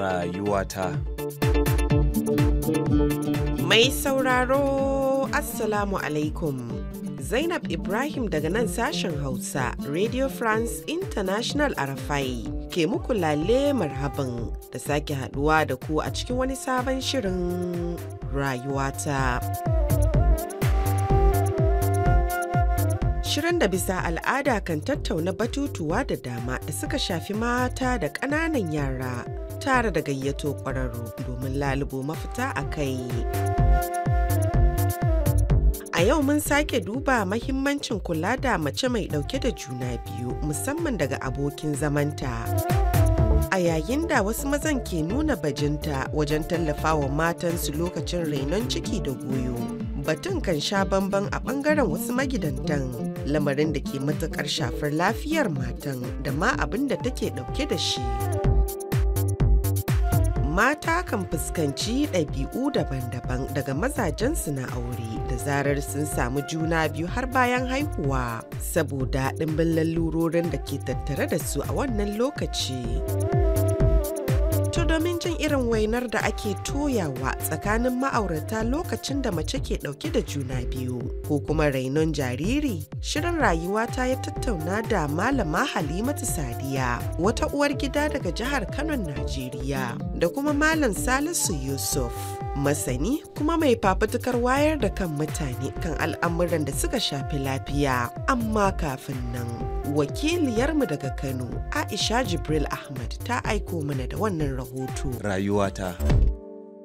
Rayuwata Mai sauraro Assalamu alaikum Zainab Ibrahim daga nan sashen Hausa Radio France International Arafai ke muku lale marhaban da sake haduwa da ku a cikin wani sabon shirin rayuwata. Shirin da bisa al'ada kan tattauna batutuwa da dama da suka shafi mata da ƙananan yara tare da gayyato ƙwararru domin lalubo mafita a kai. A yau mun sake duba mahimmancin kula da mace mai ɗauke da juna biyu musamman daga abokin zamanta. a yayin da wasu mazan ke nuna bajinta wajen tallafawa matansu lokacin rainon ciki da goyo. batun kan sha bamban a bangaren wasu magidantan lamarin da ke matukar shafar lafiyar matan da ma abin da take dauke da shi. mata kan fuskanci ɗabi'u daban-daban daga mazajensu na aure da zarar sun samu juna biyu har bayan haihuwa saboda ɗimbin lalurorin da ke tattare da su a wannan lokaci. irin wainar da ake toyawa tsakanin ma'aurata lokacin da mace ke ɗauke da juna biyu ko kuma rainon jariri shirin rayuwa ta ya tattauna da malama halimatu sadiya wata uwar gida daga jihar kano najeriya da kuma malam salisu yusuf masani kuma mai fafutukar wayar da kan mutane kan al'amuran da suka shafi lafiya amma kafin nan wakiliyarmu daga Kano Aisha Jibril Ahmad ta aiko mana da wannan rahoto. Rayuwata.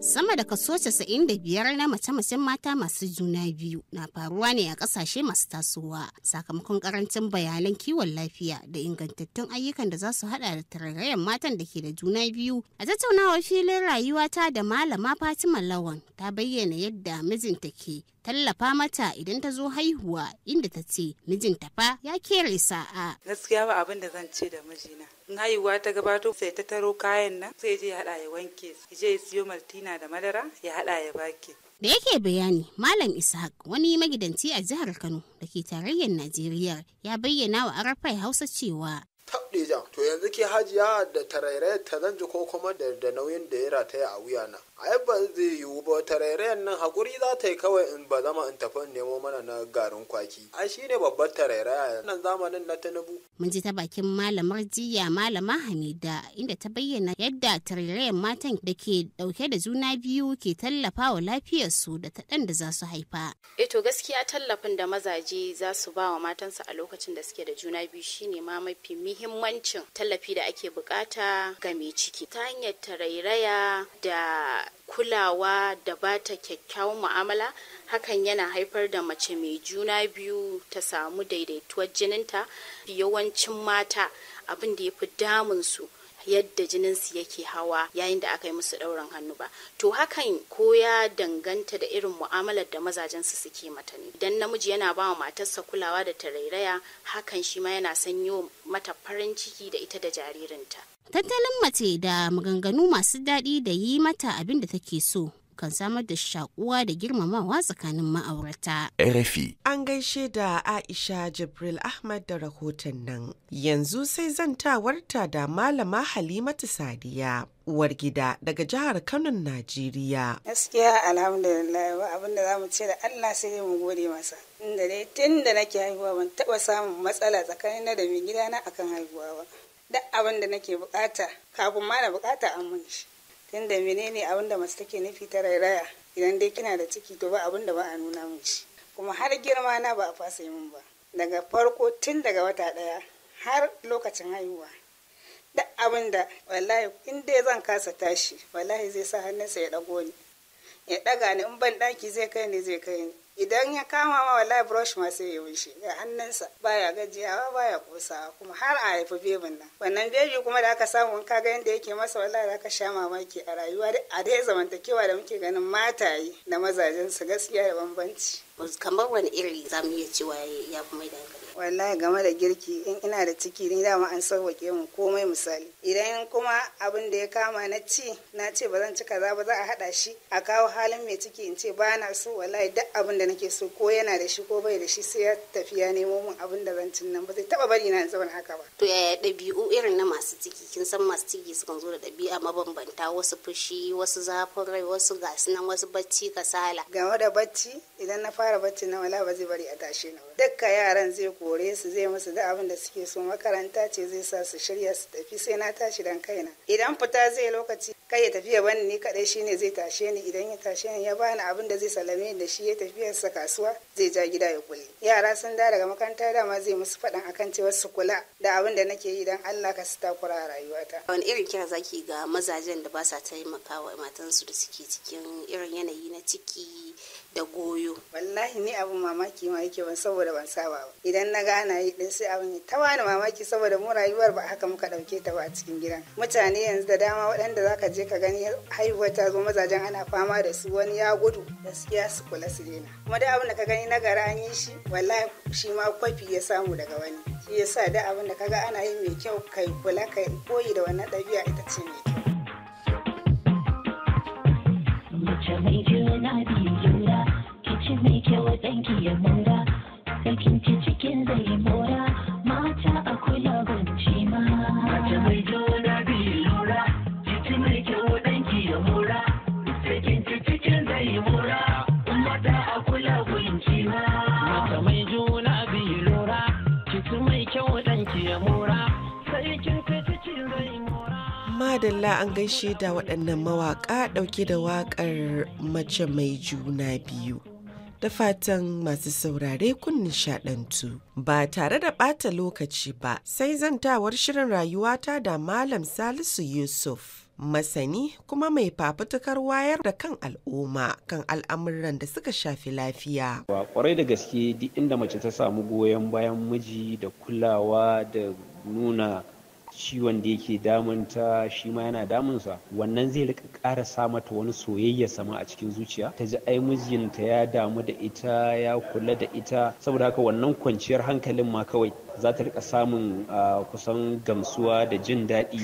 Sama da kaso 95 na mace-macen mata masu juna biyu na faruwa ne a kasashe masu tasowa sakamakon karancin bayanan kiwon lafiya da ingantattun ayyukan da za su hada da tarayyar matan da ke da juna biyu. A tattaunawar filin rayuwata da malama Fatima Lawan ta bayyana yadda mijinta ke tallafa mata idan ta zo haihuwa inda ta ce mijinta fa ya kere sa'a. Gaskiya ba abin da zan ce da mijina. In haihuwa ta gabato sai ta taro kayan nan sai je ya haɗa ya wanke su. Je ya siyo maltina da madara ya haɗa ya baki. Da yake bayani Malam Ishaq wani magidanci a jihar Kano da ke tarayyar Najeriya ya bayyana wa Arafai Hausa cewa jan to yanzu ke hajiya da tarairai ta zanji ko kuma da nauyin da ya rataya a wuya na ai ba zai yiwu ba tarairayan nan hakuri za ta yi kawai in ba zama in tafi nemo mana na garin kwaki ai shine babbar tarairaya nan zamanin na tinubu mun ji ta bakin malamar jiya malama hamida inda ta bayyana yadda tarairayan matan da ke dauke da juna biyu ke tallafa wa lafiyarsu da ta ɗan da za su haifa e to gaskiya tallafin da mazaje za su ba wa matansu a lokacin da suke da juna biyu shine ma mafi muhimmanci muhimmancin tallafi da ake bukata ga mai ciki ta hanyar tarairaya da kulawa da ba ta kyakkyawan mu'amala hakan yana haifar da mace mai juna biyu ta samu daidaituwar jininta yawancin mata abin da ya fi damunsu yadda jininsu yake hawa yayin da aka yi musu ɗaurin hannu ba to hakan ko ya danganta da irin mu'amalar da mazajensu suke mata ne idan namiji yana ba wa matarsa kulawa da tarairaya hakan shi ma yana sanyo mata farin ciki da ita da jaririnta tattalin mace da maganganu masu daɗi da yi mata abin da take so kan samar da shakuwa da girmamawa tsakanin ma'aurata. RFI. An gaishe da Aisha Jibril Ahmad da rahoton nan. Yanzu sai zantawarta da Malama Halimatu Sadiya. uwar gida daga jihar Kano, Najeriya. Gaskiya alhamdulillah abin da zamu ce da Allah sai dai mu gode masa. Inda dai tun da nake haihuwa ban taba samun matsala tsakanin na da mai gidana akan haihuwa ba. Duk abin da nake bukata kafin ma na bukata an mun shi. tunda menene abin da mace take nufi ta rairaya idan dai kina da ciki to ba abin da ba a nuna min shi kuma har girma na ba a fasa min ba daga farko tun daga wata daya har lokacin haihuwa da abin da wallahi in dai zan kasa tashi wallahi zai sa hannunsa ya dago ni ya daga ni in ban daki zai kai ni zai kai ni idan ya kama ma wallahi brush ma sai ya wuce ga hannunsa baya gajiyawa baya kosawa kuma har a haifi bebin nan wannan bebi kuma da aka samu wanka ga yadda yake masa wallahi da aka sha mamaki a rayuwa a dai zamantakewa da muke ganin mataye da mazajen su gaskiya da bambanci kamar wani iri za mu iya cewa ya fi mai da wallahi game da girki in ina da ciki ni dama an sauwake mu komai misali idan kuma abin da ya kama na ci na ce ba zan ci kaza ba za a haɗa shi a kawo halin mai ciki in ce ba na so wallahi duk abin da nake so ko yana da shi ko bai da shi sai ya tafi nemo min abin da zan cin nan ba zai taba bari na zauna haka ba to yaya dabi'u irin na masu ciki kin san masu ciki sukan zo da ɗabi'a mabambanta wasu fushi wasu zafin rai wasu gasu nan wasu bacci kasala game da bacci idan na fara bacci na wala ba zai bari a tashi na ba dukkan yaran zai kore su zai musu da abin da suke so makaranta ce zai sa su shirya su tafi sai na tashi dan kaina idan fita zai lokaci kai ya tafiya bani ni kadai shine zai tashe ni idan ya tashe ni ya bani abin da zai salame da shi ya tafiya sa kasuwa zai ja gida ya kulle yara sun da daga makaranta dama zai musu faɗan akan cewa su kula da abin da nake yi dan Allah ka su kura a rayuwata wani irin kira zaki ga mazajen da ba sa taimakawa matansu da suke cikin irin yanayi na ciki da goyo wallahi ni abin mamaki ma yake ban saboda ban saba ba idan na gana yi din sai abin ya wani mamaki saboda mu rayuwar ba haka muka dauke ta ba a cikin gidan mutane yanzu da dama waɗanda zaka je. je ka gani haihuwar ta zo mazajen ana fama da su wani ya gudu gaskiya su kula su daina kuma da abin da ka gani na gara an yi shi wallahi shi ma kwafi ya samu daga wani shi sa da abin da ka ga ana yi mai kyau kai kula kai koyi da wannan ɗabi'a ita ce mai kyau mace mai juna juna cikin zai mora mata a kula gunci ma madalla an gaishe da waɗannan mawaƙa ɗauke da waƙar mace mai juna biyu. Da fatan masu saurare kun nishaɗantu. Ba tare da ɓata lokaci ba, sai zan tawar shirin rayuwata da Malam Salisu Yusuf. masani kuma mai fafutukar wayar da kan al'umma kan al'amuran da suka shafi lafiya. kwarai da gaske duk inda mace ta samu goyon bayan miji da kulawa da nuna ciwon da yake damunta shi ma yana damunsa wannan zai rika ƙara sa mata wani soyayya sama a cikin zuciya ta ji ai mijinta ya damu da ita ya kula da ita saboda haka wannan kwanciyar hankalin ma kawai za ta rika samun kusan gamsuwa da jin daɗi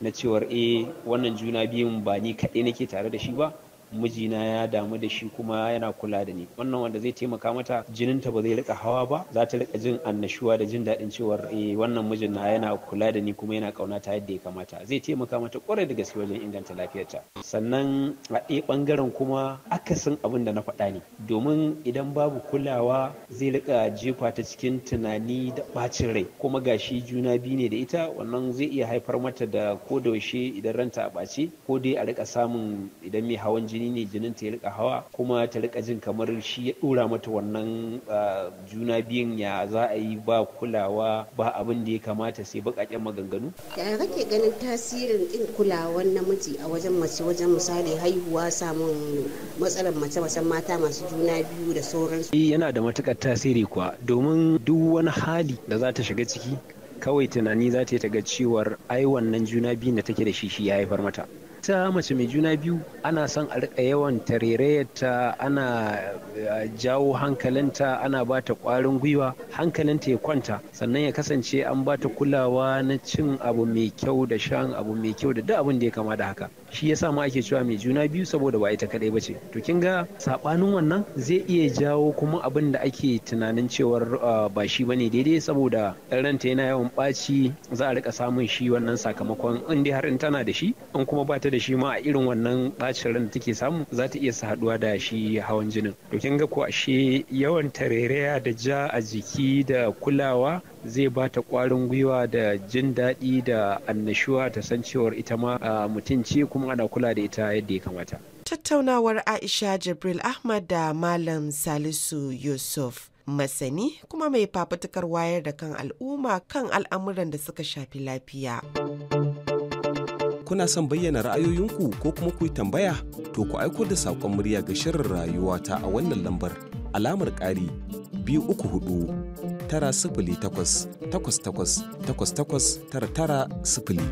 na cewar eh wannan juna biyun ba ni kaɗai nake tare da shi ba mijina ya damu da shi kuma yana kula da ni wannan wanda zai taimaka mata jinin ta ba zai rika hawa ba za ta rika jin annashuwa da jin daɗin cewar eh wannan mijin na yana kula da ni kuma yana kauna ta yadda ya kamata zai taimaka mata kwarai da gaske wajen inganta lafiyarta sannan a ɗaya ɓangaren kuma akasin abin da na faɗa ne domin idan babu kulawa zai rika jefa ta cikin tunani da ɓacin rai kuma gashi juna biyu ne da ita wannan zai iya haifar mata da ko da idan ranta a ɓace ko dai a rika samun idan mai hawan jini jini ne jinin ta ya rika hawa kuma ta rika jin kamar shi ya dora mata wannan juna biyun ya za a yi ba kulawa ba abin da ya kamata sai bakaken maganganu yaya kake ganin tasirin din kulawan namiji a wajen mace wajen misali haihuwa samun matsalar mace macen mata masu juna biyu da sauransu eh, yana da matukar tasiri kuwa domin duk wani hali da za ta shiga ciki kawai tunani za ta yi ta ga cewar ai wannan juna biyun da take da shi shi ya haifar mata ita mace mai juna biyu ana son a rika yawan tarerayarta ana eh, jawo hankalinta ana ba ta kwarin gwiwa hankalinta ya kwanta sannan ya kasance an ba ta kulawa na cin abu mai kyau da shan abu mai kyau da duk abin da ya kama da haka shi ya sa ma ake cewa mai juna biyu saboda ba ita kadai ba ce. to kin ga sabanin wannan zai iya jawo kuma abin da ake tunanin cewar ah, ba shi bane daidai saboda ranta yana yawan ɓaci za a rika samun shi wannan sakamakon in dai har in tana da shi in kuma ba ta da shi ma a irin wannan bacin ran da take samu za ta iya haɗuwa da shi hawan jinin to kin ga ko ashe yawan tarereya da ja a jiki da kulawa zai ba ta ƙwarin gwiwa da jin daɗi da annashuwa ta san cewar ita ma mutum ce kuma ana kula da ita yadda ya kamata. Tattaunawar Aisha Jibril Ahmad da Malam Salisu Yusuf. Masani kuma mai fafutukar wayar da kan al'umma kan al'amuran da suka shafi lafiya. kuna son bayyana ra'ayoyinku ko kuma ku tambaya to ku aiko da saƙon murya ga shirin rayuwata a wannan lambar alamar ƙari biyu uku hudu tara sifili takwas takwas takwas takwas takwas tara tara sifili.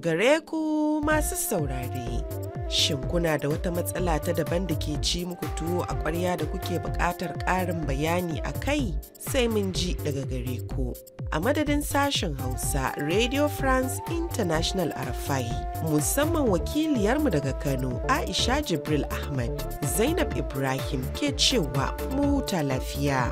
Gare ku masu saurare, shin kuna da wata matsala ta daban da ke ci muku tuwo a ƙwarya da kuke buƙatar ƙarin bayani a kai sai mun ji daga gare ku. a madadin sashen Hausa Radio France International Arafai musamman wakiliyarmu daga Kano Aisha Jibril ahmed Zainab Ibrahim ke cewa mu huta lafiya.